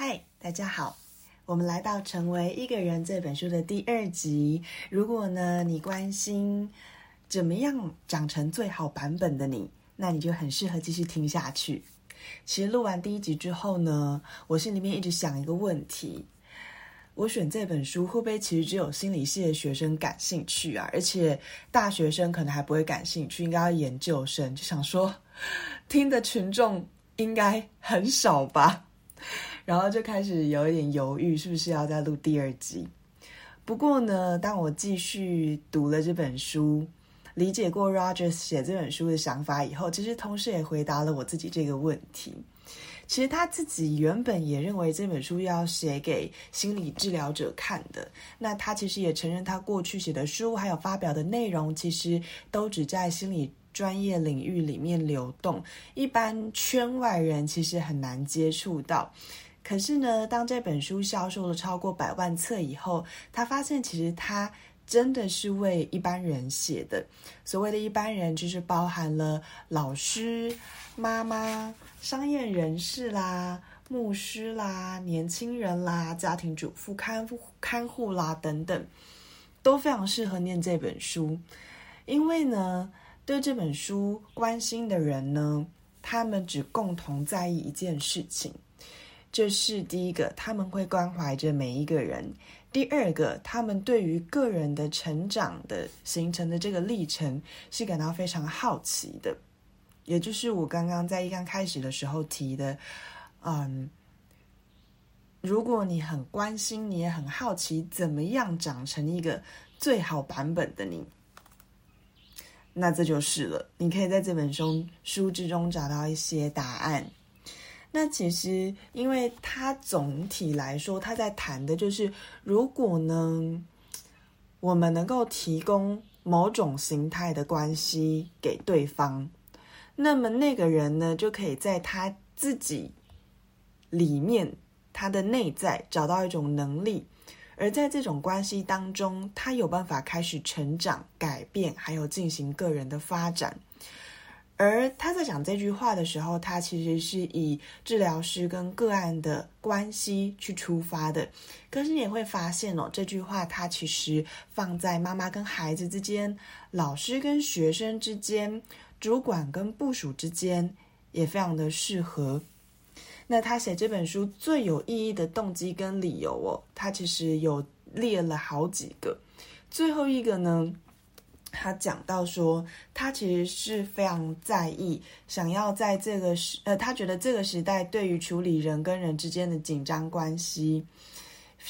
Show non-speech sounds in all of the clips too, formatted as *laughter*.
嗨，大家好！我們來到《成為一個人》這本書的第二集。如果呢，你關心怎麼樣長成最好版本的你，那你就很適合繼續聽下去。其實錄完第一集之後呢，我心裡面一直想一個問題：我選這本書，會不會其實只有心理系的學生感興趣啊？而且大學生可能還不會感興趣，應該要研究生。就想說，聽的群眾應該很少吧。然後就開始有一點猶豫，是不是要再錄第二集？不過呢，當我繼續讀了這本書，理解過 Rogers 寫這本書的想法以後，其實同時也回答了我自己這個問題。其實他自己原本也認為這本書要寫給心理治療者看的。那他其實也承認，他過去寫的書還有發表的內容，其實都只在心理專業領域裡面流動，一般圈外人其實很難接觸到。可是呢，當這本書銷售了超過百萬冊以後，他發現其實他真的是為一般人寫的。所謂的一般人，就是包含了老師、媽媽、商業人士啦、牧師啦、年輕人啦、家庭主婦、看護、看護啦等等，都非常適合念這本書。因為呢，對這本書關心的人呢，他們只共同在意一件事情。這是第一個，他們會關懷着每一個人。第二個，他們對於個人的成長的形成的這個歷程是感到非常好奇的。也就是我剛剛在一剛開始的時候提的，嗯，如果你很關心，你也很好奇，怎麼樣長成一個最好版本的你。那這就是了，你可以在這本書書之中找到一些答案。那其實，因為他總體來說，他在談的就是，如果呢，我們能夠提供某種形態的關係給對方，那麼那個人呢，就可以在他自己裡面，他的內在找到一種能力，而在這種關係當中，他有辦法開始成長、改變，還有進行個人的發展。而他在講這句話的時候，他其實是以治療師跟個案的關係去出發的。可是你也會發現哦，這句話他其實放在媽媽跟孩子之間、老師跟學生之間、主管跟部屬之間，也非常的適合。那他寫這本書最有意義的動機跟理由哦，他其實有列了好幾個。最後一個呢？他講到說，他其實是非常在意，想要在這個時，呃，他覺得這個時代對於處理人跟人之間的緊張關係，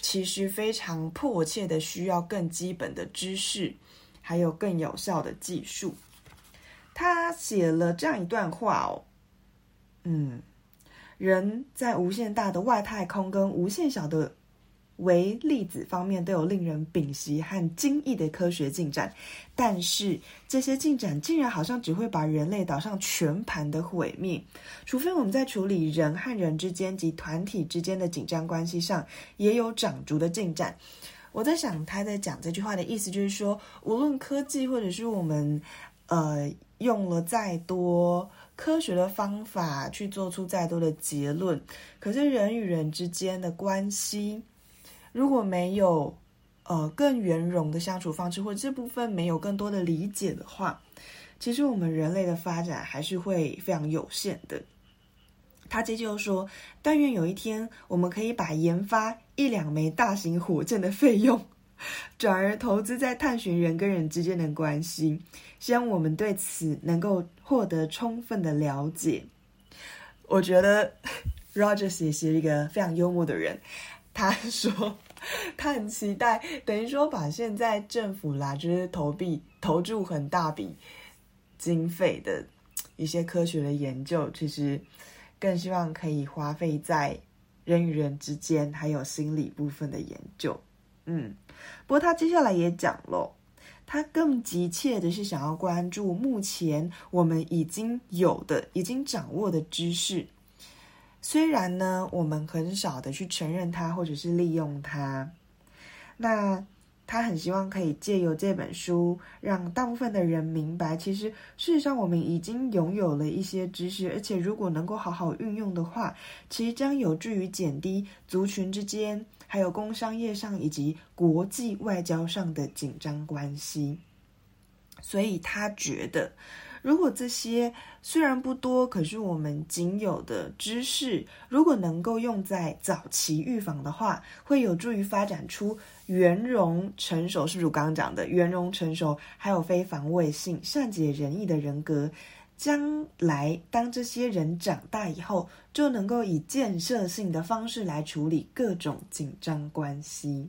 其實非常迫切的需要更基本的知識，還有更有效的技術。他寫了這樣一段話哦，嗯，人在無限大的外太空跟無限小的，微粒子方面都有令人屏息和驚異的科學進展，但是這些進展竟然好像只會把人類導向全盤的毀滅，除非我們在處理人和人之間及團體之間的緊張關係上也有長足的進展。我在想，他在講這句話的意思，就是說，無論科技或者是我們，呃，用了再多科學的方法去做出再多的結論，可是人與人之間的關係。如果沒有，呃，更圓融的相處方式，或者這部分沒有更多的理解的話，其實我們人類的發展還是會非常有限的。他接着說：“但願有一天，我們可以把研發一兩枚大型火箭的費用，轉而投資在探尋人跟人之間的關係，希望我們對此能夠獲得充分的了解。”我覺得，Rogers 也是一個非常幽默的人，他說。他很期待，等於說把現在政府啦，就是投幣、投注很大筆經費的一些科學的研究，其實更希望可以花費在人與人之間，還有心理部分的研究。嗯，不過他接下來也講了，他更急切的是想要關注目前我們已經有的、已經掌握的知識。雖然呢，我們很少的去承認它，或者是利用它。那他很希望可以借由這本書，讓大部分的人明白，其實事實上我們已經擁有了一些知識，而且如果能夠好好運用的話，其實將有助於減低族群之間，還有工商業上以及國際外交上的緊張關係。所以他覺得。如果這些雖然不多，可是我們僅有的知識，如果能夠用在早期預防的話，會有助於發展出圓融成熟，是不是？我剛剛講的圓融成熟，還有非防衛性、善解人意的人格，將來當這些人長大以後，就能夠以建設性的方式來處理各種緊張關係。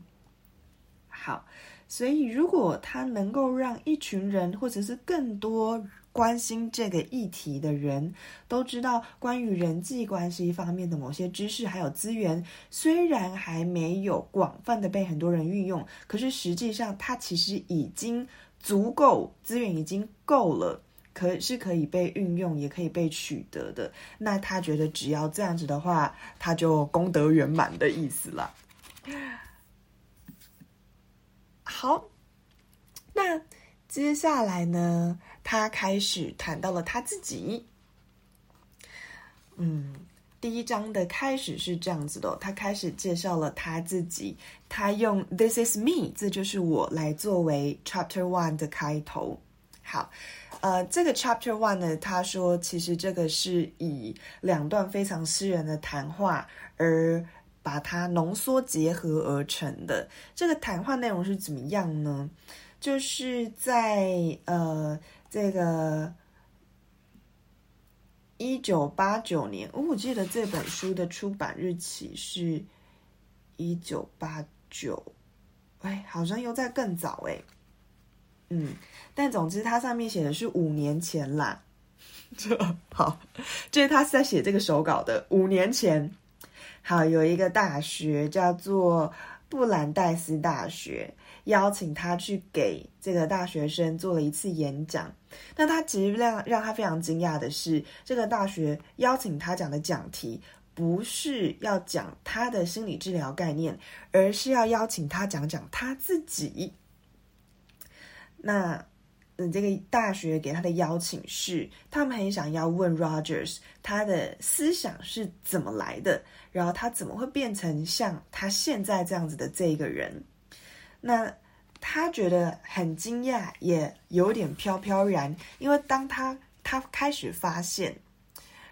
好。所以，如果他能夠讓一群人，或者是更多關心這個議題的人都知道關於人際關係方面的某些知識，還有資源，雖然還沒有廣泛的被很多人運用，可是實際上它其實已經足夠，資源已經夠了，可是可以被運用，也可以被取得的。那他覺得只要這樣子的話，他就功德圓滿的意思了。好，那接下來呢？他開始談到了他自己。嗯，第一章的開始是這樣子的，他開始介紹了他自己，他用 “this is me” 這就是我來作為 chapter one 的開頭。好，呃，這個 chapter one 呢，他說其實這個是以兩段非常私人的談話而。把它濃縮結合而成的，這個談話內容是怎麼樣呢？就是在呃，這個一九八九年、哦，我記得這本書的出版日期是一九八九，哎，好像又在更早哎、欸，嗯，但總之它上面寫的是五年前啦，這 *laughs* 好，就是他是在寫這個手稿的五年前。好，有一個大學叫做布蘭戴斯大學，邀請他去給這個大學生做了一次演講。那他其實讓讓他非常驚訝的是，這個大學邀請他講的講題不是要講他的心理治療概念，而是要邀請他講講他自己。那。你這個大學給他的邀請是，他們很想要問 Rogers 他的思想是怎麼來的，然後他怎麼會變成像他現在這樣子的這一個人？那他覺得很驚訝，也有點飄飄然，因為當他他開始發現，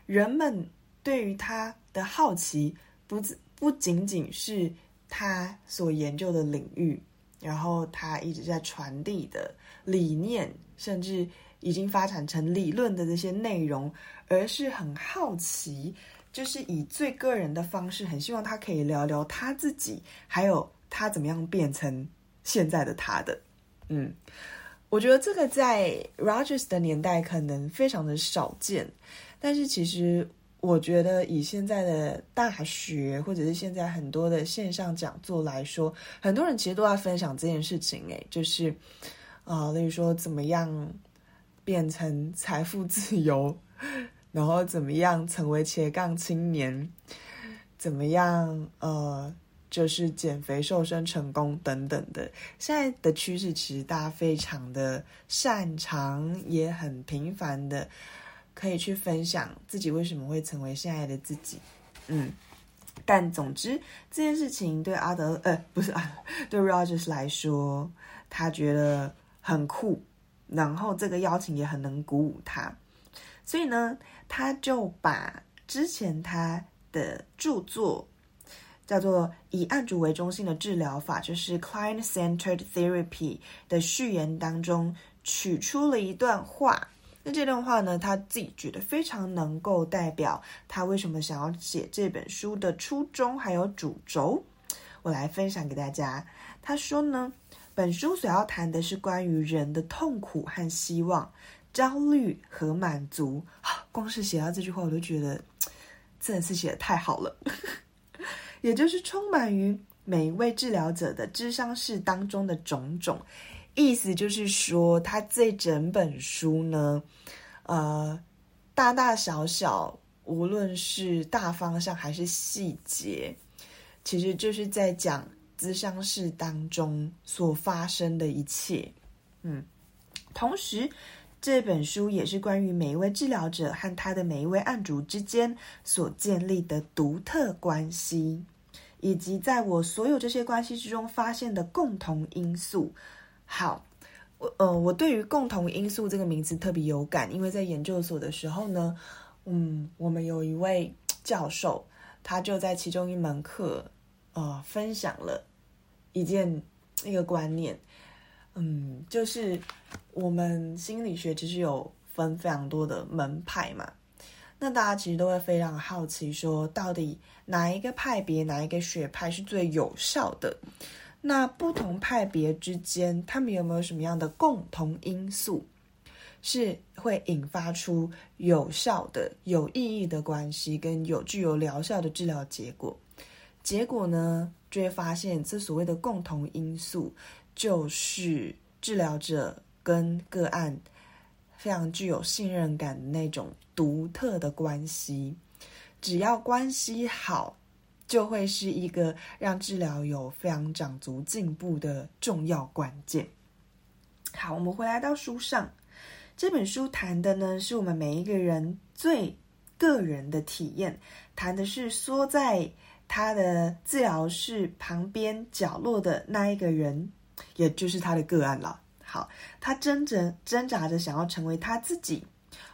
人們對於他的好奇不不僅僅是他所研究的領域，然後他一直在傳遞的。理念，甚至已經發展成理論的這些內容，而是很好奇，就是以最個人的方式，很希望他可以聊聊他自己，還有他怎麼樣變成現在的他的。嗯，我覺得這個在 Rogers 的年代可能非常的少見，但是其實我覺得以現在的大學或者是現在很多的線上講座來說，很多人其實都在分享這件事情，欸，誒，就是。啊，例如說怎麼樣變成財富自由，然後怎麼樣成為斜槓青年，怎麼樣呃，就是減肥瘦身成功等等的。現在的趨勢其實大家非常的擅長，也很頻繁的可以去分享自己為什麼會成為現在的自己。嗯，但總之這件事情對阿德呃不是啊，對 Rogers 來說，他覺得。很酷，然後這個邀請也很能鼓舞他，所以呢，他就把之前他的著作叫做《以案主為中心的治療法》，就是 Client-Centered Therapy 的序言當中，取出了一段話。那這段話呢，他自己覺得非常能夠代表他為什麼想要寫這本書的初衷還有主軸，我來分享給大家。他說呢。本書所要談的是關於人的痛苦和希望、焦慮和滿足。光是寫到這句話，我都覺得這本書寫的寫得太好了。 *laughs* 也就是充滿於每一位治療者的諮商室當中的種種。意思就是說，他這整本書呢，呃，大大小小，無論是大方向還是細節，其實就是在講。諮商室當中所發生的一切，嗯，同時這本書也是關於每一位治療者和他的每一位案主之間所建立的獨特關係，以及在我所有這些關係之中發現的共同因素。好，我呃，我對於“共同因素”這個名詞特別有感，因為在研究所的時候呢，嗯，我們有一位教授，他就在其中一門課。啊、哦，分享了一件一個觀念，嗯，就是我們心理學其實有分非常多的門派嘛，那大家其實都會非常好奇，說到底哪一個派別哪一個學派是最有效的？那不同派別之間，他們有沒有什麼樣的共同因素，是會引發出有效的、有意義的關係，跟有具有療效的治療結果？結果呢，就會發現，這所謂的共同因素，就是治療者跟個案非常具有信任感的那種獨特的關係。只要關係好，就會是一個讓治療有非常長足進步的重要關鍵。好，我們回來到書上，這本書談的呢，是我們每一個人最個人的體驗，談的是說在。他的治療室旁邊角落的那一個人，也就是他的個案了。好，他掙扎掙扎着想要成為他自己。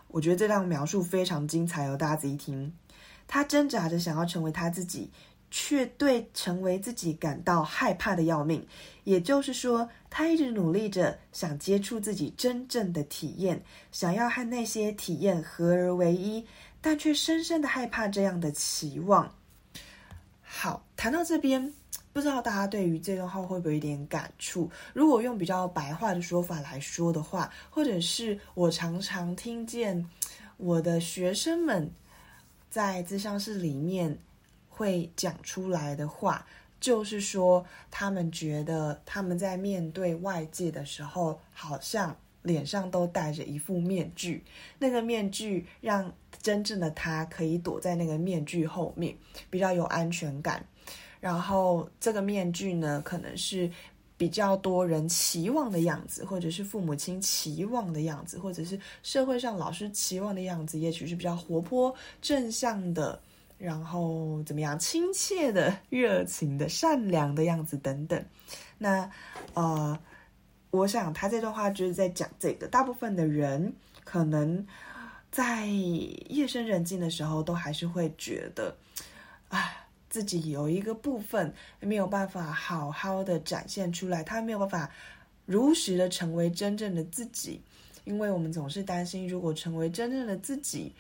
我覺得這段描述非常精彩哦，大家仔細聽。他掙扎着想要成為他自己，卻對成為自己感到害怕的要命。也就是說，他一直努力着想接觸自己真正的體驗，想要和那些體驗合而為一，但卻深深的害怕這樣的期望。好，談到這邊，不知道大家對於這段話會不會有點感觸？如果用比較白話的說法來說的話，或者是我常常聽見我的學生們在諮商室裡面會講出來的話，就是說他們覺得他們在面對外界的時候，好像，臉上都戴着一副面具，那個面具讓真正的他可以躲在那個面具後面，比較有安全感。然後這個面具呢，可能是比較多人期望的樣子，或者是父母親期望的樣子，或者是社會上老師期望的樣子，也許是比較活潑、正向的，然後怎麼樣親切的、熱情的、善良的樣子等等。那，呃。我想他這段話就是在講這個，大部分的人可能在夜深人靜的時候，都還是會覺得，啊，自己有一個部分沒有辦法好好的展現出來，他沒有辦法如實的成為真正的自己，因為我們總是擔心，如果成為真正的自己，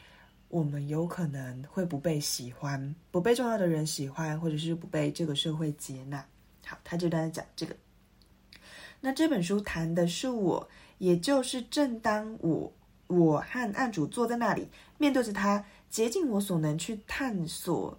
我們有可能會不被喜歡，不被重要的人喜歡，或者是不被這個社會接納。好，他就在講這個。那這本書談的是我，也就是正當我，我和案主坐在那裡，面對着他，竭盡我所能去探索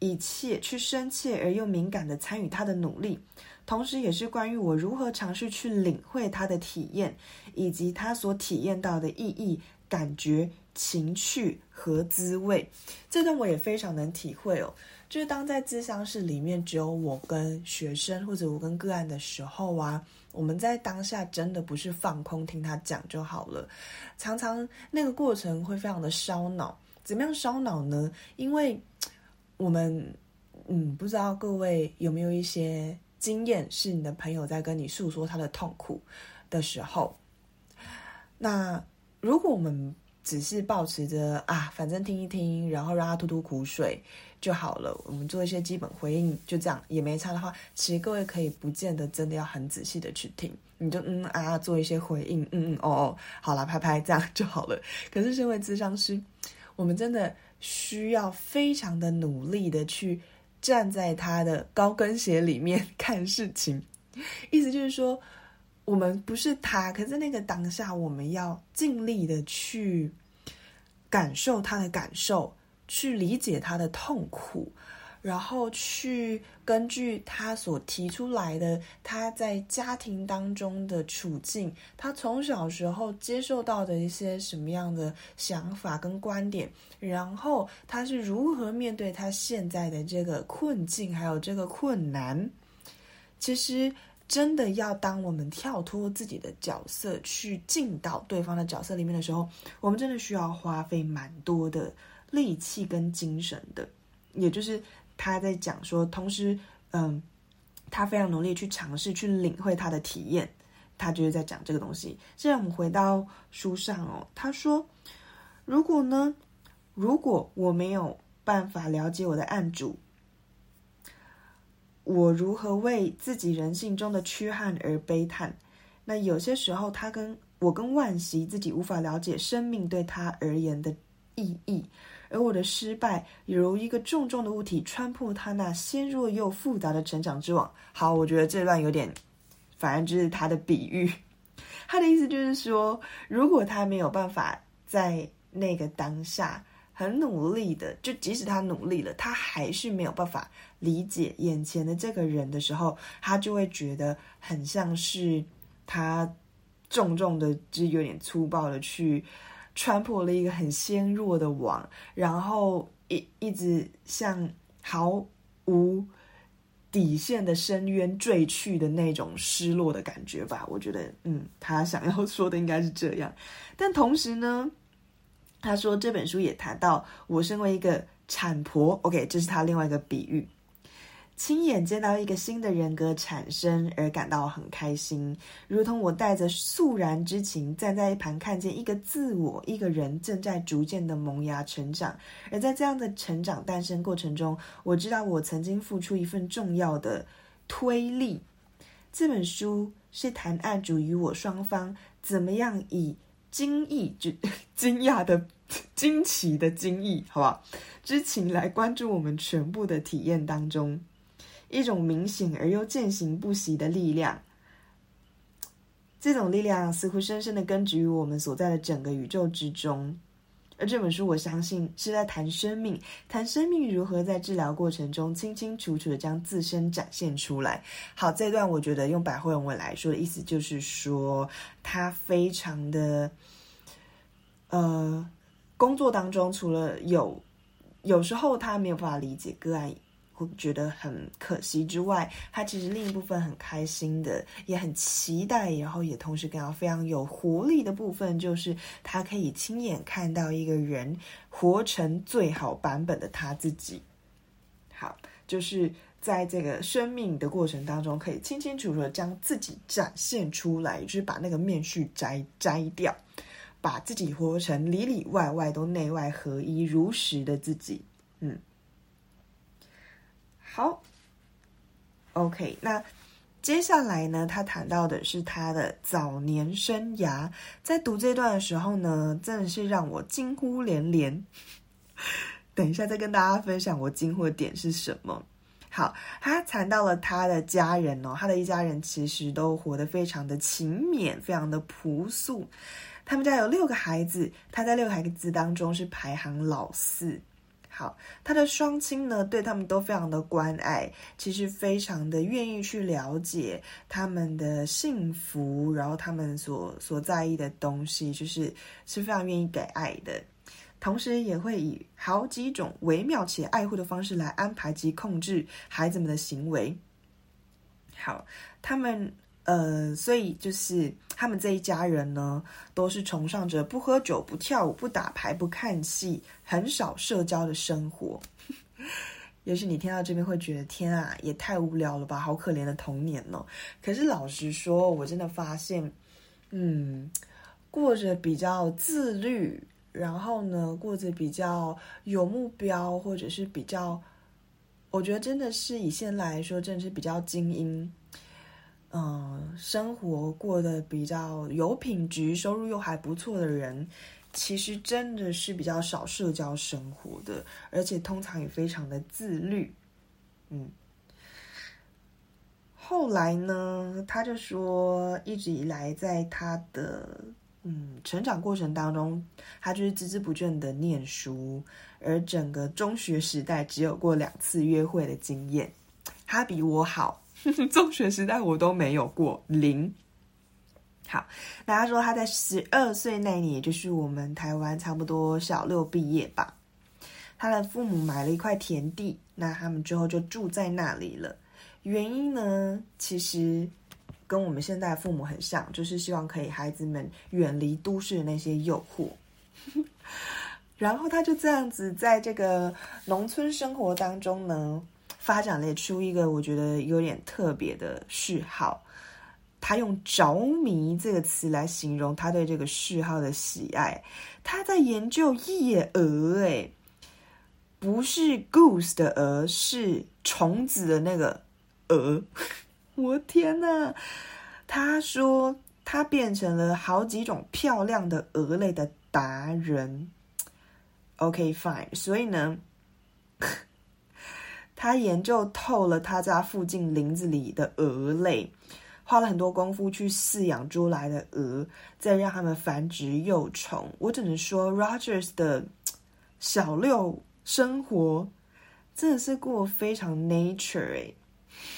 一切，去深切而又敏感地參與他的努力，同時也是關於我如何嘗試去領會他的體驗，以及他所體驗到的意義、感覺、情趣和滋味。這段我也非常能體會哦，就是當在諮商室裡面只有我跟學生或者我跟個案的時候啊。我們在當下真的不是放空聽他講就好了，常常那個過程會非常的燒腦。怎麼樣燒腦呢？因為我們嗯不知道各位有沒有一些經驗，是你的朋友在跟你訴說他的痛苦的時候，那如果我們只是抱持着啊，反正聽一聽，然後讓他吐吐苦水。就好了，我們做一些基本回應，就這樣也沒差的話，其實各位可以不見得真的要很仔細的去聽，你就嗯啊，啊做一些回應，嗯嗯哦哦，好啦，拍拍這樣就好了。可是身為諮商師，我們真的需要非常的努力的去站在他的高跟鞋裡面看事情，意思就是說，我們不是他，可是那個當下我們要盡力的去感受他的感受。去理解他的痛苦，然後去根據他所提出來的他在家庭當中的處境，他從小時候接受到的一些什麼樣的想法跟觀點，然後他是如何面對他現在的這個困境，還有這個困難。其實，真的要當我們跳脫自己的角色，去進到對方的角色裡面的時候，我們真的需要花費蠻多的。力氣跟精神的，也就是他在講說，同時，嗯，他非常努力去嘗試去領會他的體驗，他就是在講這個東西。現在我們回到書上哦，他說：“如果呢？如果我沒有辦法了解我的案主，我如何為自己人性中的缺憾，而悲嘆？那有些時候，他跟我跟惋惜，自己無法了解生命對他而言的意義。”而我的失敗，如一個重重的物體穿破他那纖弱又複雜的成長之網。好，我覺得這段有點，反正就是他的比喻，他的意思就是說，如果他沒有辦法在那個當下很努力的，就即使他努力了，他還是沒有辦法理解眼前的這個人的時候，他就會覺得很像是他重重的，就是有點粗暴的去。穿破了一個很纖弱的網，然後一一直向毫無底線的深淵墜去的那種失落的感覺吧。我覺得，嗯，他想要說的應該是這樣。但同時呢，他說這本書也談到，我身為一個產婆，OK，這是他另外一個比喻。親眼見到一個新的人格產生而感到很開心，如同我帶着肅然之情站在一旁，看見一個自我、一個人正在逐漸的萌芽成長。而在這樣的成長、誕生過程中，我知道我曾經付出一份重要的推力。這本書是談案主與我雙方怎麼樣以驚異、驚驚訝的、驚奇的驚異，好吧？之情來關注我們全部的體驗當中。一種明顯而又踐行不息的力量，這種力量似乎深深的根植於我們所在的整個宇宙之中。而這本書，我相信是在談生命，談生命如何在治療過程中清清楚楚的將自身展現出來。好，這段我覺得用白話文，文來說的意思就是說，他非常的，呃，工作當中除了有，有時候他沒有辦法理解個案，會覺得很可惜之外，他其實另一部分很開心的，也很期待，然後也同時感到非常有活力的部分，就是他可以親眼看到一個人活成最好版本的他自己。好，就是在這個生命的過程當中，可以清清楚楚地將自己展現出來，就是把那個面具摘摘掉，把自己活成裡裡外外都內外合一、如實的自己。嗯。好，OK，那接下來呢，他談到的是他的早年生涯。在讀這段的時候呢，真的是讓我驚呼連連。等一下再跟大家分享我驚呼的點是什麼？好，他談到了他的家人哦，他的一家人其實都活得非常的勤勉，非常的樸素。他們家有六個孩子，他在六個孩子當中是排行老四。好，他的雙親呢，對他們都非常的關愛，其實非常的願意去了解他們的幸福，然後他們所所在意的東西，就是是非常願意給愛的，同時也會以好幾種微妙且愛護的方式來安排及控制孩子們的行為。好，他們。呃，所以就是他們這一家人呢，都是崇尚着不喝酒、不跳舞、不打牌、不看戲，很少社交的生活。 *laughs* 也許你聽到這邊會覺得，天啊，也太無聊了吧，好可憐的童年哦。可是老實說，我真的發現，嗯，過着比較自律，然後呢，過着比較有目標，或者是比較，我覺得真的是以現在來說，真的是比較精英。嗯，生活過得比較有品質，收入又還不錯的人，其實真的是比較少社交生活的，而且通常也非常的自律。嗯，後來呢，他就說，一直以來在他的嗯成長過程當中，他就是孜孜不倦的念書，而整個中學時代只有過兩次約會的經驗，他比我好。 *laughs* 中學時代我都沒有過零。好，那他說他在十二歲那年，也就是我們台灣差不多小六畢業吧。他的父母買了一塊田地，那他們之後就住在那裡了。原因呢，其實跟我們現在的父母很像，就是希望可以孩子們遠離都市的那些誘惑。 *laughs* 然後他就這樣子在這個農村生活當中呢。發展了出一個我覺得有點特別的嗜好，他用着迷這個詞來形容他對這個嗜好的喜愛。他在研究夜蛾，欸，不是 goose 的鵝，是蟲子的那個蛾。 *laughs* 我天哪！他說他變成了好幾種漂亮的蛾類的達人。OK fine，所以呢。 *laughs* 他研究透了他家附近林子裡的蛾類，花了很多功夫去飼養捉來的蛾，再讓他們繁殖幼蟲。我只能說，Rogers 的小六生活真的是過非常 nature、欸。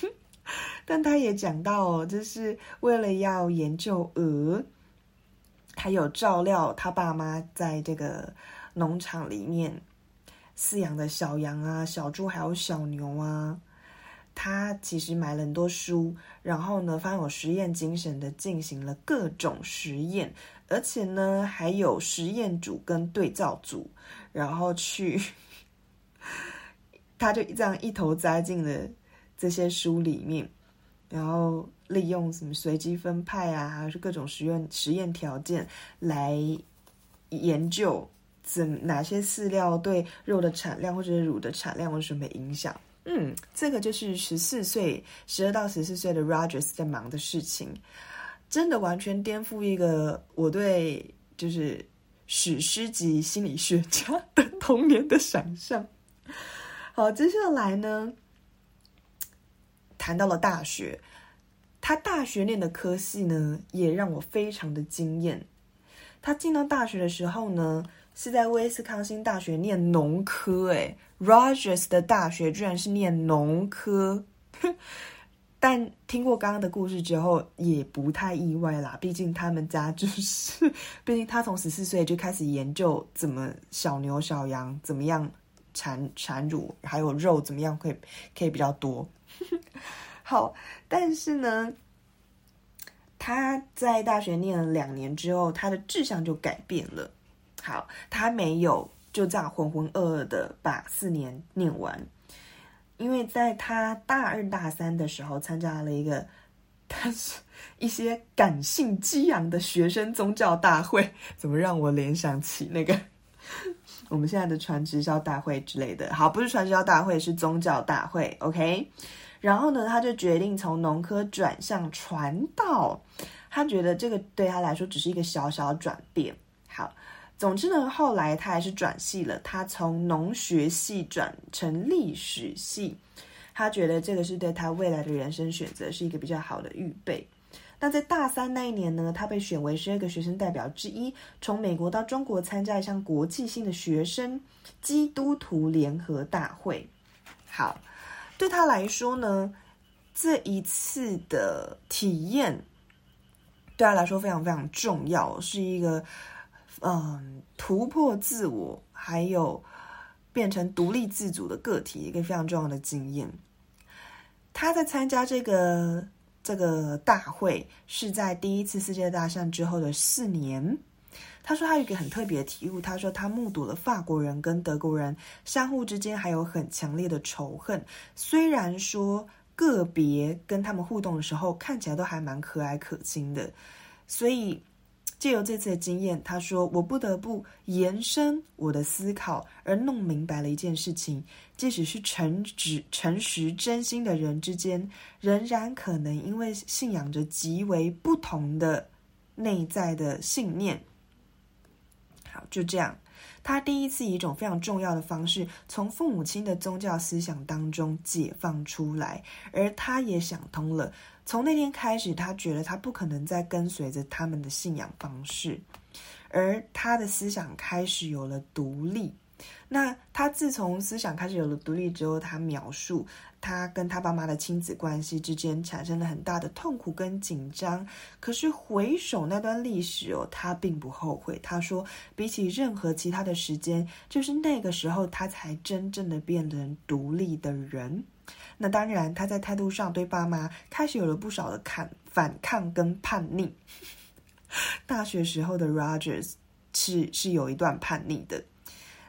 *laughs* 但他也講到、哦，就是為了要研究蛾，還有照料他爸媽在這個農場裡面。飼養的小羊啊、小豬還有小牛啊，他其實買了很多書，然後呢，發現有實驗精神的進行了各種實驗，而且呢，還有實驗組跟對照組，然後去，他 *laughs* 就這樣一頭栽進了這些書裡面，然後利用什麼隨機分派啊，還是各種實驗實驗條件來研究。怎哪些飼料對肉的產量或者是乳的產量有什麼影響？嗯，這個就是十四歲十二到十四歲的 Rogers 在忙的事情，真的完全顛覆一個我對就是史詩級心理學家的童年的想象。好，接下來呢，談到了大學，他大學念的科系呢，也讓我非常的驚艷。他進到大學的時候呢。是在威斯康星大學念農科，誒 Rogers 的大學居然是念農科， *laughs* 但聽過剛剛的故事之後也不太意外啦，畢竟他們家就是，畢竟他從十四歲就開始研究怎麼小牛小羊怎麼樣產產乳，還有肉怎麼樣可以可以比較多。 *laughs* 好，但是呢，他在大學念了兩年之後，他的志向就改變了。好，他沒有就這樣渾渾噩噩的把四年念完，因為在他大二大三的時候，參加了一個，他是一些感性激昂的學生宗教大會，怎麼讓我聯想起那個我們現在的傳直銷大會之類的？好，不是傳銷大會，是宗教大會，OK。然後呢，他就決定從農科轉向傳道，他覺得這個對他來說只是一個小小轉變。好。總之呢，後來他還是轉系了，他從農學系轉成歷史系，他覺得這個是對他未來的人生選擇是一個比較好的預備。那在大三那一年呢，他被選為十二個學生代表之一，從美國到中國參加了一項國際性的學生基督徒聯合大會。好，對他來說呢，這一次的體驗對他來說非常非常重要，是一個。嗯，突破自我，還有變成獨立自主的個體，一個非常重要的經驗。他在參加這個這個大會是在第一次世界大戰之後的四年。他說他有一個很特別的體悟，他說他目睹了法國人跟德國人相互之間還有很強烈的仇恨，雖然說個別跟他們互動的時候看起來都還蠻和藹可親的，所以。借由這次的經驗，他說：“我不得不延伸我的思考，而弄明白了一件事情。即使是誠摯、誠實、真心的人之間，仍然可能因為信仰着極為不同的內在的信念。”好，就這樣。他第一次以一種非常重要的方式，從父母親的宗教思想當中解放出來，而他也想通了。從那天開始，他覺得他不可能再跟隨着他們的信仰方式，而他的思想開始有了獨立。那他自從思想開始有了獨立之後，他描述他跟他爸媽的親子關係之間產生了很大的痛苦跟緊張。可是回首那段歷史哦，他並不後悔。他說，比起任何其他的時間，就是那個時候他才真正的變成獨立的人。那當然，他在態度上對爸媽開始有了不少的反抗跟叛逆。大學時候的 Rogers 是是有一段叛逆的。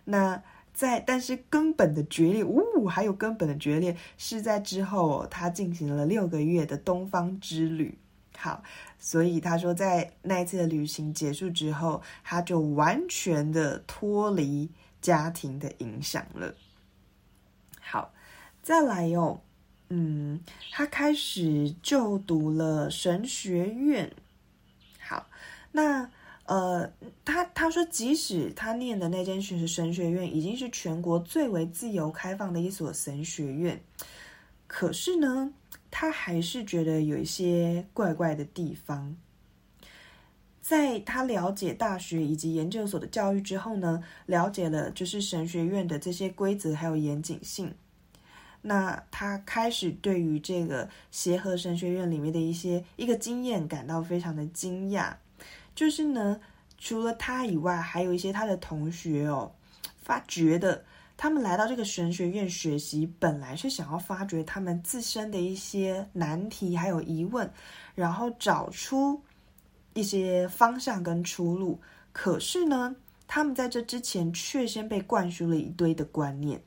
那。在，但是根本的決裂，嗚、哦，還有根本的決裂是在之後，他進行了六個月的東方之旅。好，所以他說，在那一次的旅行結束之後，他就完全的脫離家庭的影響了。好，再來喲、哦，嗯，他開始就讀了神學院。好，那。呃，他他說，即使他念的那間學是神學院，已經是全國最為自由開放的一所神學院，可是呢，他還是覺得有一些怪怪的地方。在他了解大學以及研究所的教育之後呢，了解了就是神學院的這些規則還有嚴謹性，那他開始對於這個協和神學院裡面的一些一個經驗感到非常的驚訝。就是呢，除了他以外，還有一些他的同學哦，發覺的，他們來到這個神學院學習，本來是想要發掘他們自身的一些難題還有疑問，然後找出一些方向跟出路。可是呢，他們在這之前卻先被灌輸了一堆的觀念，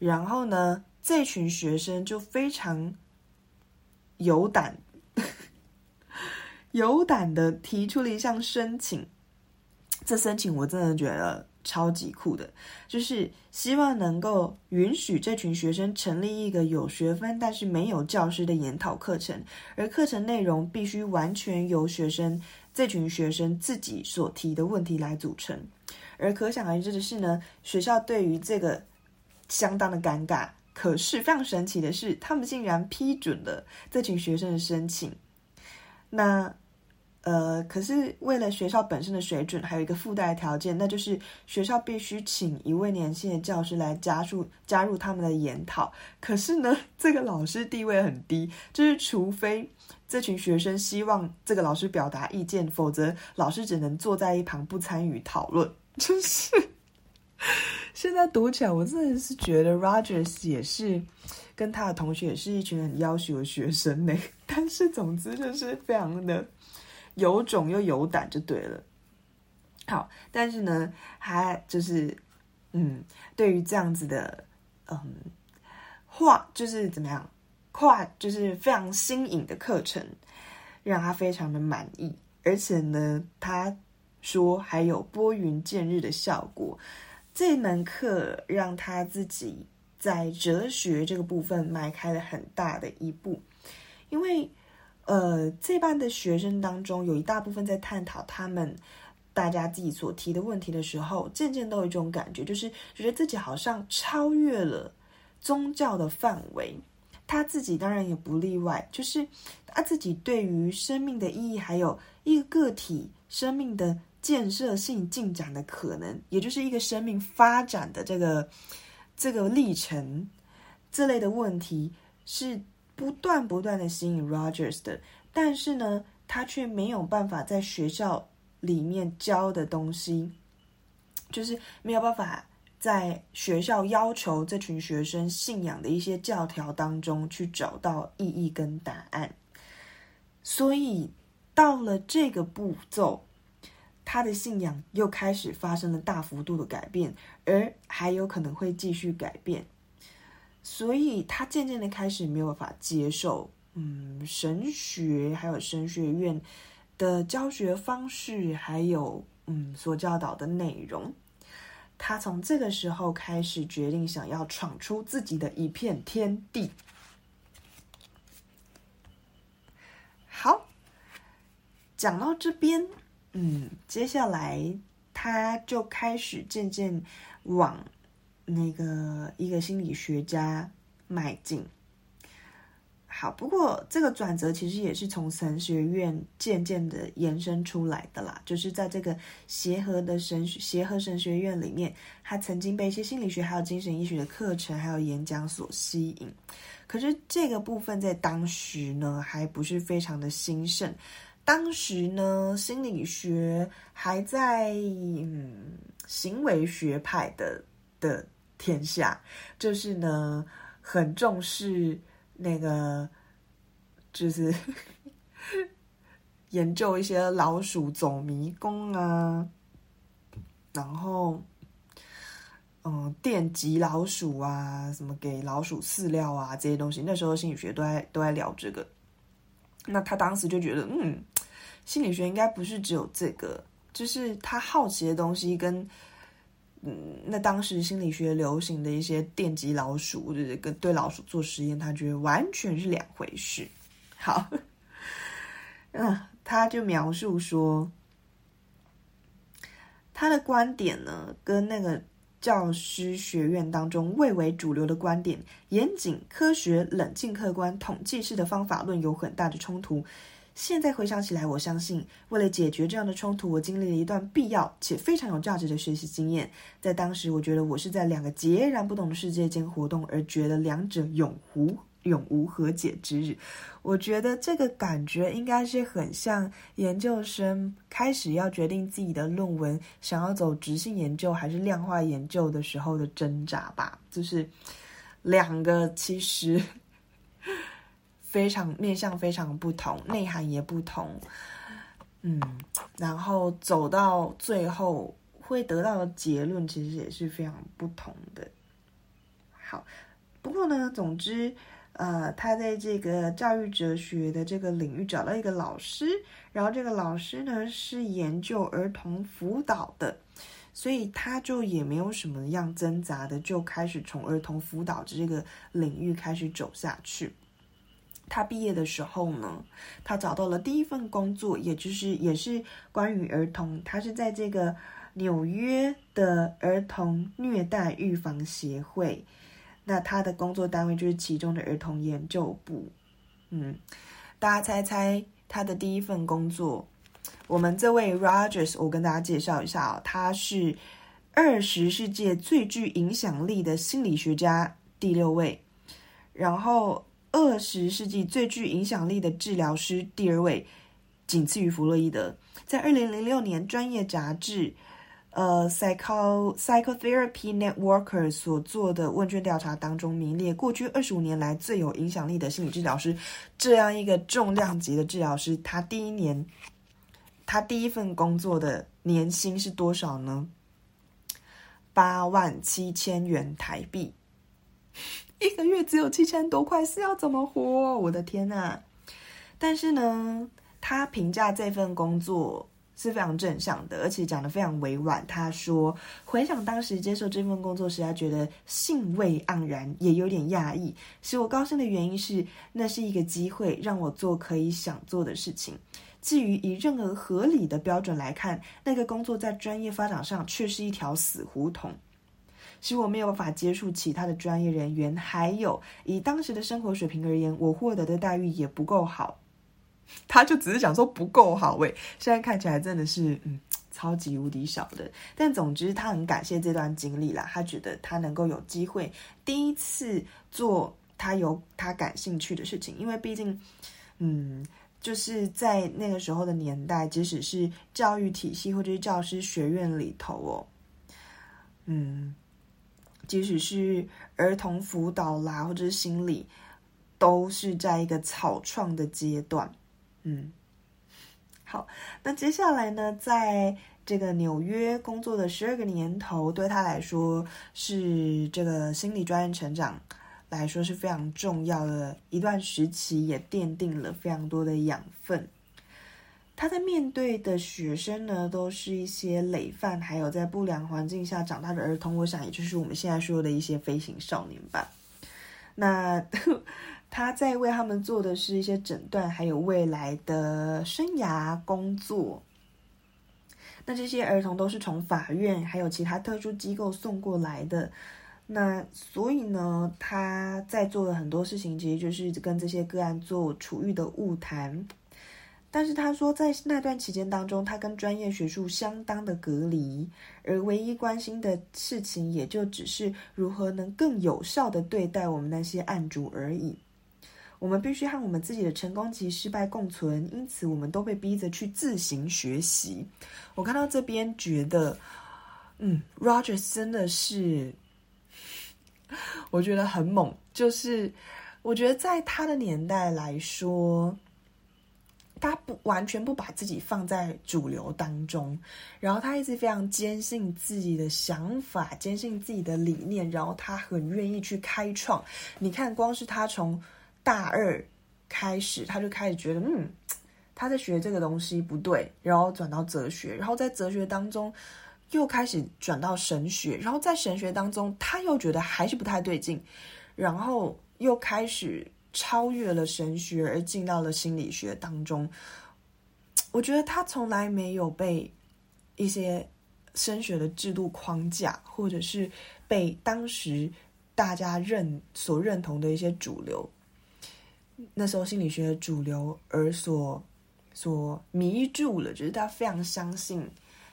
然後呢，這群學生就非常有膽。有膽地提出了一項申請，這申請我真的覺得超級酷的，就是希望能夠允許這群學生成立一個有學分但是沒有教師的研討課程，而課程內容必須完全由學生，這群學生自己所提的問題來組成。而可想而知的是呢，學校對於這個相當的尷尬，可是非常神奇的是，他們竟然批准了這群學生的申請。那。呃，可是為了學校本身的水準，還有一個附帶的條件，那就是學校必須請一位年輕的教師來加入加入他們的研討。可是呢，這個老師地位很低，就是除非這群學生希望這個老師表達意見，否則老師只能坐在一旁不參與討論。真是現在讀起來，我真的是覺得 Rogers 也是跟他的同學也是一群很要求的學生呢，但是總之就是非常的。有種又有膽就對了。好，但是呢，他就是，嗯，對於這樣子的，嗯，話就是怎麼樣，跨就是非常新穎的課程，讓他非常的滿意。而且呢，他說還有撥雲見日的效果，這門課讓他自己在哲學這個部分邁開了很大的一步，因為，呃，這班的學生當中有一大部分在探討他們大家自己所提的問題的時候，漸漸都有一種感覺，就是覺得自己好像超越了宗教的範圍。他自己當然也不例外，就是他自己對於生命的意義，還有一個個體生命的建設性進展的可能，也就是一個生命發展的這個這個歷程，這類的問題是不斷不斷的吸引 Rogers 的，但是呢，他卻沒有辦法在學校裡面教的東西，就是沒有辦法在學校要求這群學生信仰的一些教條當中去找到意義跟答案。所以到了這個步驟，他的信仰又開始發生了大幅度的改變，而還有可能會繼續改變。所以他漸漸的開始沒有辦法接受，嗯，神學還有神學院的教學方式，還有嗯所教導的內容。他從這個時候開始決定想要闖出自己的一片天地。好，講到這邊，嗯，接下來他就開始漸漸往。那個一個心理學家邁進。好，不過這個轉折其實也是從神學院漸漸的延伸出來的啦。就是在這個協和的神協和神學院裡面，他曾經被一些心理學還有精神醫學的課程還有演講所吸引。可是這個部分在當時呢，還不是非常的興盛。當時呢，心理學還在嗯行為學派的的。天下就是呢，很重視那個，就是 *laughs* 研究一些老鼠走迷宮啊，然後嗯，電擊老鼠啊，什麼給老鼠飼料啊這些東西，那時候心理學都在都在聊這個。那他當時就覺得，嗯，心理學應該不是只有這個，就是他好奇的東西跟。嗯，那當時心理學流行的一些電擊老鼠，跟對、對老鼠做實驗，他覺得完全是兩回事。好，嗯，他就描述說，他的觀點呢，跟那個教師學院當中蔚為主流的觀點，嚴謹、科學、冷靜、客觀、統計式的方法論有很大的衝突。現在回想起來，我相信為了解決這樣的衝突，我經歷了一段必要且非常有價值的學習經驗。在當時，我覺得我是在兩個截然不同的世界間活動，而覺得兩者永無永無和解之日。我覺得這個感覺應該是很像研究生開始要決定自己的論文，想要走質性研究還是量化研究的時候的掙扎吧，就是兩個其實。非常，面向非常不同，內涵也不同，嗯，然後走到最後會得到的結論其實也是非常不同的。好，不過呢，總之，呃，他在這個教育哲學的這個領域找到一個老師，然後這個老師呢是研究兒童輔導的，所以他就也沒有什麼樣掙扎的，就開始從兒童輔導這個領域開始走下去。他畢業的時候呢，他找到了第一份工作，也就是也是關於兒童。他是在這個紐約的兒童虐待預防協會，那他的工作單位就是其中的兒童研究部。嗯，大家猜猜他的第一份工作？我們這位 Rogers，我跟大家介紹一下哦，他是二十世紀最具影響力的心理學家第六位，然後。二十世紀最具影響力的治療師，第二位，僅次於弗洛伊德。在二零零六年專業雜誌，呃，psych、uh, Psychotherapy Networker 所做的問卷調查當中，名列過去二十五年來最有影響力的心理治療師。這樣一個重量級的治療師，他第一年，他第一份工作的年薪是多少呢？八萬七千元台幣。一個月只有七千多塊，是要怎麼活？我的天哪！但是呢，他評價這份工作是非常正向的，而且講得非常委婉。他說，回想當時接受這份工作時，他覺得興味盎然，也有點訝異。使我高興的原因是，那是一個機會讓我做可以想做的事情。至於以任何合理的標準來看，那個工作在專業發展上卻是一條死胡同。其實我沒有辦法接觸其他的專業人員，還有，以當時的生活水平而言，我獲得的待遇也不夠好。他就只是想說不夠好，喂，現在看起來真的是嗯，超級無敵小的。但總之，他很感謝這段經歷啦。他覺得他能夠有機會第一次做他有他感興趣的事情，因為畢竟，嗯，就是在那個時候的年代，即使是教育體系或者是教師學院裡頭哦，嗯。即使是兒童輔導啦，或者是心理，都是在一個草創的階段。嗯，好，那接下來呢，在這個紐約工作的十二個年頭，對他來說是這個心理專業成長來說是非常重要的一段時期，也奠定了非常多的養分。他在面對的學生呢，都是一些累犯，還有在不良環境下長大的兒童。我想，也就是我們現在說的一些“飛行少年”吧。那他在為他們做的是一些診斷，還有未來的生涯工作。那這些兒童都是從法院還有其他特殊機構送過來的。那所以呢，他在做的很多事情，其實就是跟這些個案做處遇的晤談。但是他說，在那段期間當中，他跟專業學術相當的隔離，而唯一關心的事情也就只是如何能更有效的對待我們那些案主而已。我們必須和我們自己的成功及失敗共存，因此我們都被逼着去自行學習。我看到這邊覺得，嗯，Rogers 真的是，我覺得很猛，就是我覺得在他的年代來說。他不完全不把自己放在主流當中，然後他一直非常堅信自己的想法，堅信自己的理念，然後他很願意去開創。你看，光是他從大二開始，他就開始覺得，嗯，他在學這個東西不對，然後轉到哲學，然後在哲學當中又開始轉到神學，然後在神學當中他又覺得還是不太對勁，然後又開始。超越了神學而進到了心理學當中，我覺得他從來沒有被一些神學的制度框架，或者是被當時大家認所認同的一些主流，那時候心理學的主流而所所迷住了，就是他非常相信。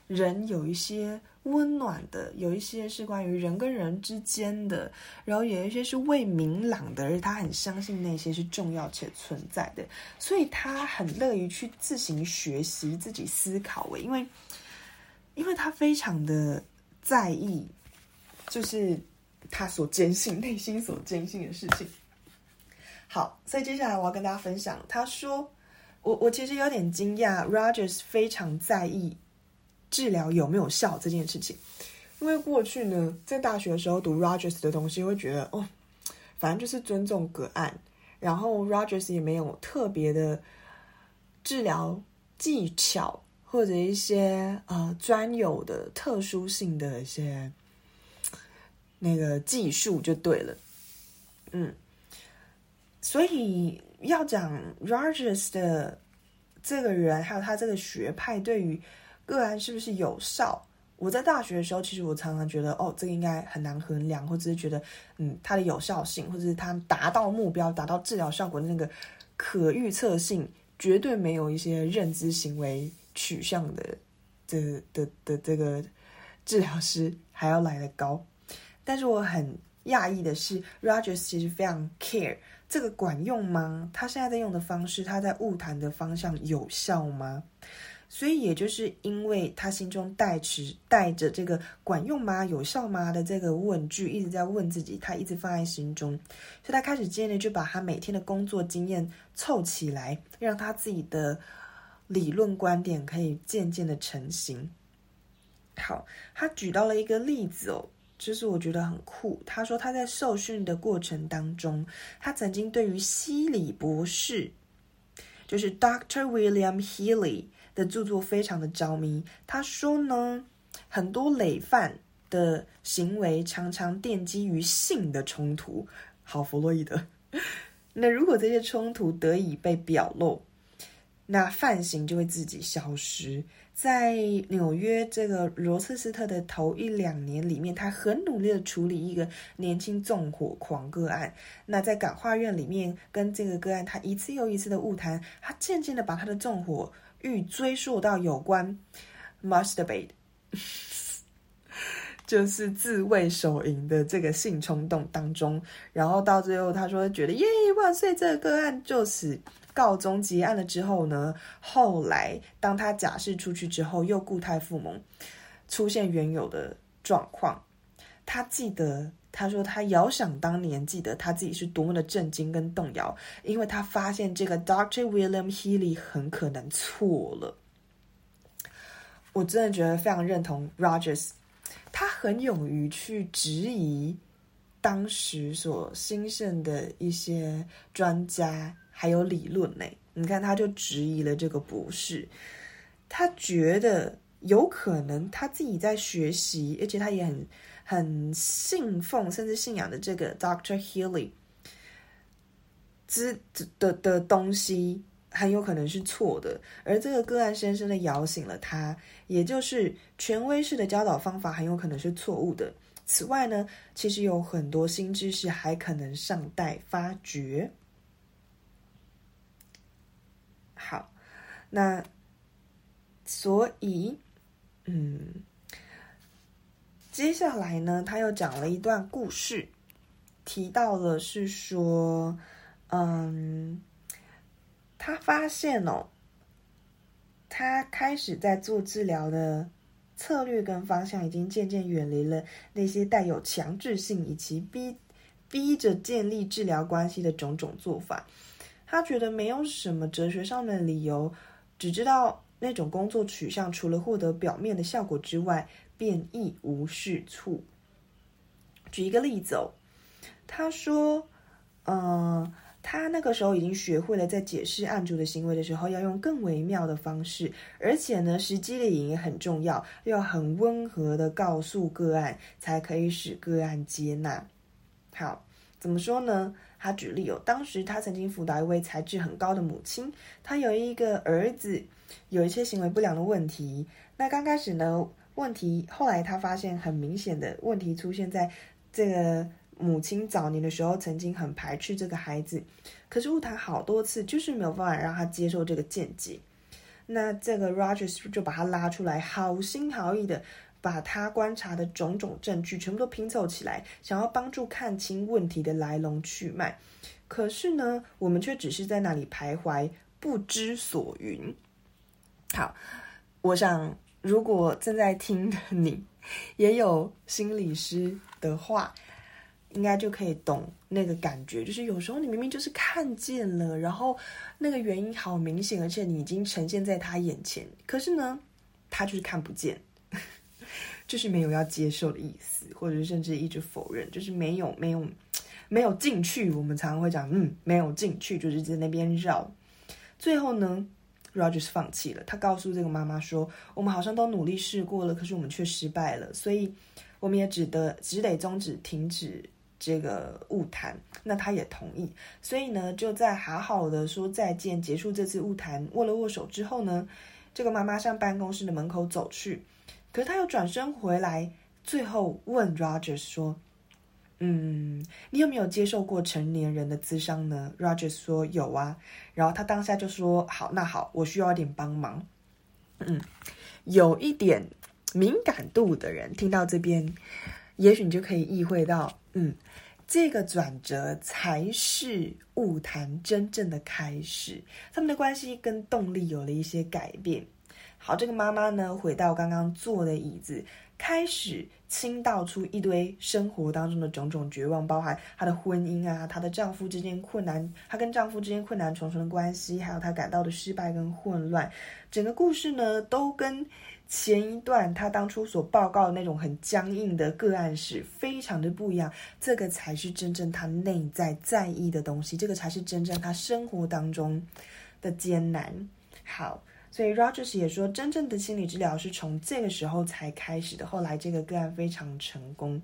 人有一些溫暖的，有一些是關於人跟人之間的，然後有一些是未明朗的，而他很相信那些是重要且存在的，所以他很樂於去自行學習、自己思考。因為，因為他非常的在意，就是他所堅信、內心所堅信的事情。好，所以接下來我要跟大家分享，他說：“我我其實有點驚訝，Rogers 非常在意。”治療有沒有效這件事情，因為過去呢，在大學的時候讀 Rogers 的東西，我會覺得哦，反正就是尊重個案，然後 Rogers 也沒有特別的治療技巧或者一些啊、呃、專有的特殊性的一些那個技術就對了。嗯，所以要講 Rogers 的這個人，還有他這個學派對於。個案是不是有效？我在大學的時候，其實我常常覺得，哦，這個應該很難衡量，或者是覺得，嗯，它的有效性，或者是它達到目標、達到治療效果的那個可預測性，絕對沒有一些認知行為取向的、的、的、的、的這個治療師還要來得高。但是我很訝異的是，Rogers 其實非常 care 這個管用嗎？他現在在用的方式，他在晤談的方向有效嗎？所以也就是因為他心中帶持帶着這個管用嗎、有效嗎的這個問句，一直在問自己，他一直放在心中，所以他開始建議就把他每天的工作經驗湊起來，讓他自己的理論觀點可以漸漸的成型。好，他舉到了一個例子哦，這、就是我覺得很酷。他說他在受訓的過程當中，他曾經對於希裡博士，就是 Doctor William Healy。的著作非常的着迷。他說呢，很多累犯的行為常常奠基於性的衝突。好，弗洛伊德。 *laughs* 那如果這些衝突得以被表露，那犯行就會自己消失。在紐約這個羅徹斯特的頭一兩年裡面，他很努力的處理一個年輕縱火狂個案。那在感化院裡面，跟這個個案他一次又一次的晤談，他漸漸的把他的縱火。欲追溯到有關，masturbate， *laughs* 就是自慰手淫的這個性衝動當中，然後到最後他說覺得耶萬歲，這個個案就此告終結案了之後呢，後來當他假釋出去之後又故態復萌，出現原有的狀況，他記得。他說：“他遙想當年，記得他自己是多麼的震驚跟動搖，因為他發現這個 Doctor William Healy 很可能錯了。”我真的覺得非常認同 Rogers，他很勇於去質疑當時所興盛的一些專家還有理論誒。你看，他就質疑了這個博士，他覺得有可能他自己在學習，而且他也很。很信奉甚至信仰的這個 Doctor Healy 之的的東西，很有可能是錯的。而這個個案深深地搖醒了他，也就是權威式的教導方法，很有可能是錯誤的。此外呢，其實有很多新知識還可能尚待發掘。好，那所以，嗯。接下來呢，他又講了一段故事，提到了是說，嗯，他發現哦，他開始在做治療的策略跟方向，已經漸漸遠離了那些帶有強制性以及逼逼着建立治療關係的種種做法。他覺得沒有什麼哲學上的理由，只知道那種工作取向除了獲得表面的效果之外。便一無是處。舉一個例子哦，他說、呃：“他那個時候已經學會了在解釋案主的行為的時候，要用更微妙的方式，而且呢，時機的影也很重要，要很溫和的告訴個案，才可以使個案接納。”好，怎麼說呢？他舉例有、哦：當時他曾經輔導一位才智很高的母親，她有一個兒子，有一些行為不良的問題。那剛開始呢？問題，後來，他發現很明顯的問題出現在這個母親早年的時候曾經很排斥這個孩子，可是晤談好多次就是沒有辦法讓他接受這個見解。那這個 Rogers 就把他拉出來，好心好意的把他觀察的種種證據全部都拼湊起來，想要幫助看清問題的來龍去脈。可是呢，我們卻只是在那裡徘徊，不知所云。好，我想。如果正在聽的你，也有心理師的話，應該就可以懂那個感覺。就是有時候你明明就是看見了，然後那個原因好明顯，而且你已經呈現在他眼前，可是呢，他就是看不見，就是沒有要接受的意思，或者甚至一直否認，就是沒有沒有沒有進去。我們常常會講，嗯，沒有進去，就是在那邊繞。最後呢，Rogers 放棄了，他告訴這個媽媽說：“我們好像都努力試過了，可是我們卻失敗了，所以我們也得只得只得終止停止這個晤談。”那她也同意，所以呢，就在好好的說再見、結束這次晤談、握了握手之後呢，這個媽媽向辦公室的門口走去，可是她又轉身回來，最後問 Rogers 說。嗯，你有沒有接受過成年人的諮商呢？Roger 說有啊，然後他當下就說：“好，那好，我需要一點幫忙。”嗯，有一點敏感度的人聽到這邊，也許你就可以意會到，嗯，這個轉折才是晤談真正的開始，他們的關係跟動力有了一些改變。好，這個媽媽呢，回到剛剛坐的椅子。開始傾倒出一堆生活當中的種種絕望，包含她的婚姻啊，她的丈夫之間困難，她跟丈夫之間困難重重的關係，還有她感到的失敗跟混亂。整個故事呢，都跟前一段她當初所報告的那種很僵硬的個案史非常的不一樣。這個才是真正她內在在意的東西，這個才是真正她生活當中的艱難。好。所以 Rogers 也說，真正的心理治療是從這個時候才開始的，後來這個個案非常成功，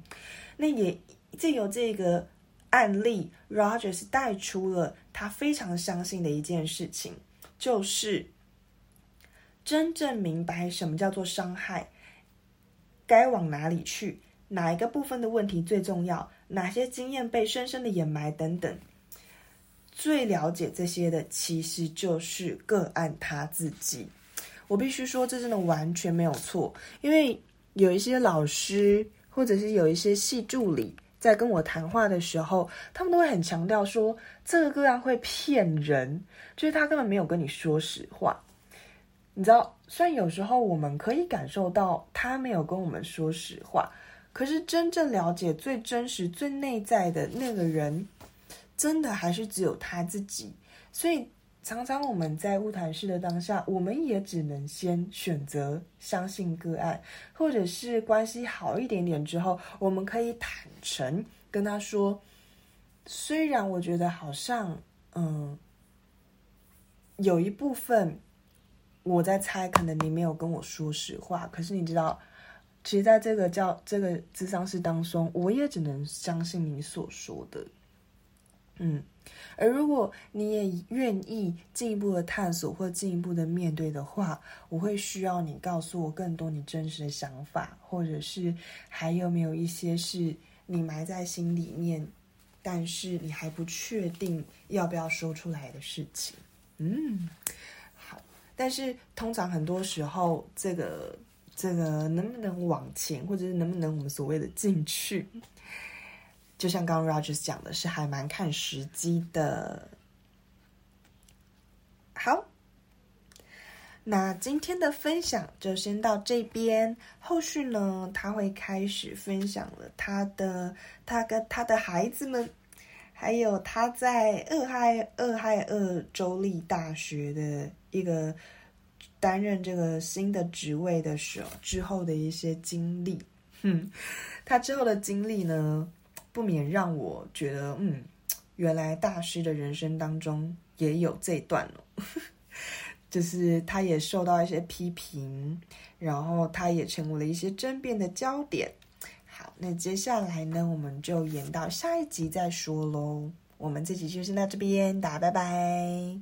那也借由這個案例，Rogers 帶出了他非常相信的一件事情，就是真正明白什麼叫做傷害，該往哪裡去，哪一個部分的問題最重要，哪些經驗被深深的掩埋等等。最了解這些的，其實就是個案他自己。我必須說，這真的完全沒有錯，因為有一些老師，或者是有一些系助理，在跟我談話的時候，他們都會很強調說，這個個案會騙人，就是他根本沒有跟你說實話。你知道，雖然有時候我們可以感受到他沒有跟我們說實話，可是真正了解最真實、最內在的那個人，真的還是只有他自己，所以常常我們在晤談室的當下，我們也只能先選擇相信個案，或者是關係好一點點之後，我們可以坦誠跟他說，雖然我覺得好像，嗯，有一部分我在猜，可能你沒有跟我說實話，可是你知道，其實在這個叫這個諮商室當中，我也只能相信你所說的。嗯，而如果你也願意進一步的探索或進一步的面對的話，我會需要你告訴我更多你真實的想法，或者是還有沒有一些事你埋在心裡面，但是你還不確定要不要說出來的事情。嗯，好。但是通常很多時候，這個這個能不能往前，或者是能不能我們所謂的進去？就像剛剛 Rogers 講的，是還蠻看時機的。好，那今天的分享就先到這邊。後續呢，他會開始分享了他的他跟他的孩子們，還有他在俄亥俄州立大學的一個擔任這個新的職位的時候之後的一些經歷。哼，他之後的經歷呢？不免讓我覺得，嗯，原來大師的人生當中也有這段、哦、 *laughs* 就是他也受到一些批評，然後他也成為了一些爭辯的焦點。好，那接下來呢，我們就演到下一集再說嘍。我們這集就先到這邊，大家拜拜。